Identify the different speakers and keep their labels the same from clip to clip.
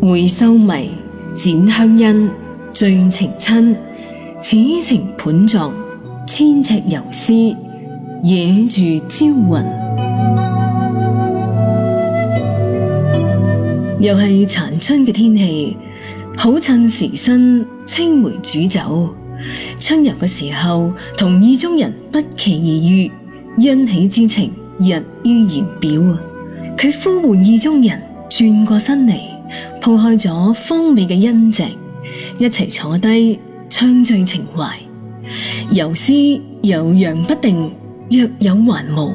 Speaker 1: 回收眉，展香音，醉情親，此情盤作千尺游絲，惹住朝雲。又係殘春嘅天氣，好趁時新，青梅煮酒，春遊嘅時候，同意中人不期而遇，欣喜之情溢於言表啊！佢呼喚意中人，轉過身嚟。鋪開咗芳美嘅茵席，一齊坐低暢敘情懷。游絲悠揚不定，若有還無，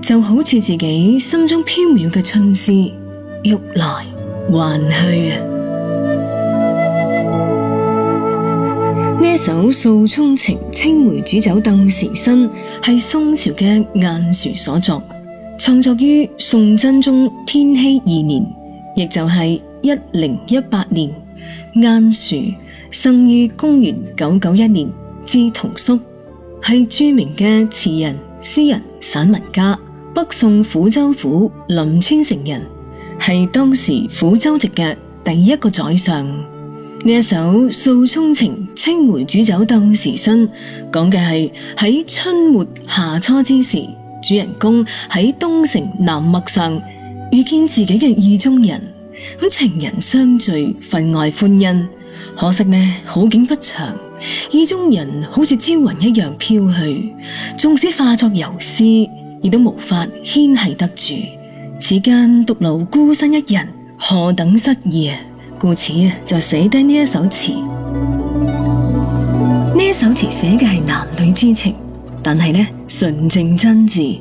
Speaker 1: 就好似自己心中飄渺嘅春思，欲來還去啊！呢首《訴衷情》，青梅煮酒鬥時新，係宋朝嘅晏殊所作，創作於宋真宗天禧二年。亦就係一零一八年，晏殊生於公元九九一年，字同叔，係著名嘅詞人、詩人、散文家，北宋撫州府臨川城人，係當時撫州籍嘅第一個宰相。呢一首《訴衷情》，青梅煮酒鬥時新，講嘅係喺春末夏初之時，主人公喺東城南陌上。遇見自己嘅意中人，咁情人相聚，分外歡欣。可惜呢，好景不長，意中人好似朝雲一樣飄去，縱使化作游絲，亦都無法牽繫得住。此間獨留孤身一人，何等失意啊！故此就寫低呢一首詞。呢一首詞寫嘅係男女之情，但係呢，純正真摯。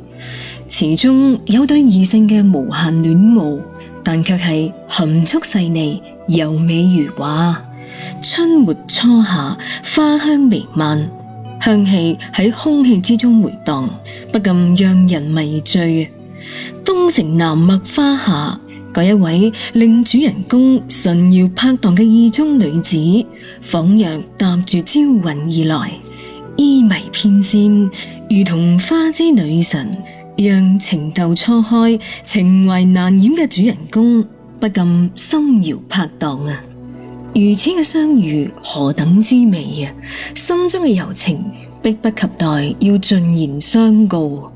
Speaker 1: 詞中有對異性嘅無限戀慕，但卻係含蓄細膩、柔美如畫。春末初夏，花香彌漫，香氣喺空氣之中回蕩，不禁讓人迷醉。東城南陌花下，嗰一位令主人公神搖魄蕩嘅意中女子，仿若踏住朝雲而來，衣袂翩躚，如同花之女神。讓情竇初開、情懷難掩嘅主人公不禁心搖拍蕩啊！如此嘅相遇何等滋味啊！心中嘅柔情迫不及待要盡言相告。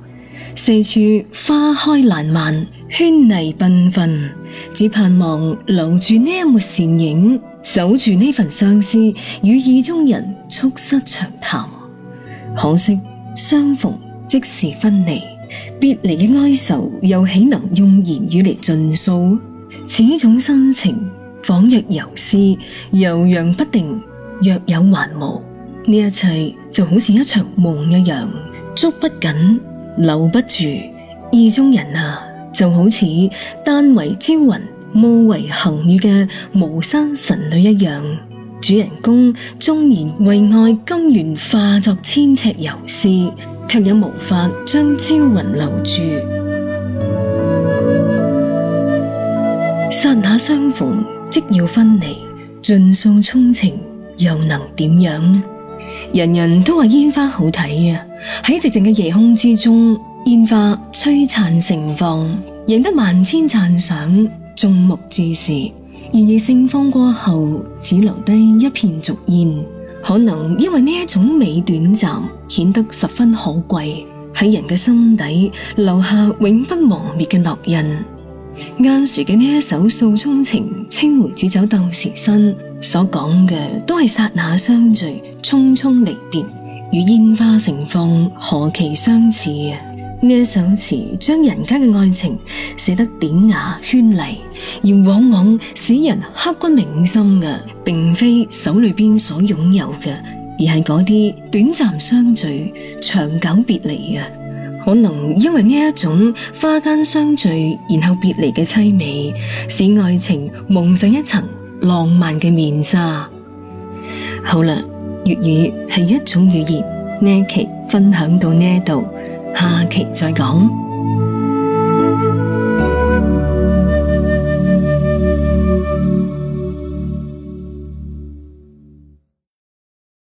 Speaker 1: 四處花開爛漫，絢麗繽紛，只盼望留住呢一抹倩影，守住呢份相思，與意中人促膝長談。可惜相逢即是分離。別離嘅哀愁又豈能用言語嚟盡訴？此種心情恍若游絲，悠揚不定，若有還無。呢一切就好似一場夢一樣，捉不緊，留不住。意中人啊，就好似旦為朝雲，暮為行雨嘅巫山神女一樣。主人公終然為愛甘願化作千尺游絲。卻也無法將朝雲留住。剎那相逢即要分離，盡訴衷情又能點樣呢？人人都話煙花好睇啊！喺寂靜嘅夜空之中，煙花璀璨盛放，贏得萬千讚賞，眾目注視。然而盛放過後，只留低一片俗煙。可能因為呢一種美短暫，顯得十分可貴，喺人嘅心底留下永不磨滅嘅烙印。晏殊嘅呢一首《訴衷情》，青梅煮酒鬥時新，所講嘅都係剎那相聚，匆匆離別，與煙花盛放何其相似。呢一首詞將人間嘅愛情寫得典雅絢麗，而往往使人刻骨銘心嘅，並非手裏邊所擁有嘅，而係嗰啲短暫相聚、長久別離嘅。可能因為呢一種花間相聚，然後別離嘅淒美，使愛情蒙上一層浪漫嘅面紗。好啦，粵語係一種語言，呢一期分享到呢度。下期再講。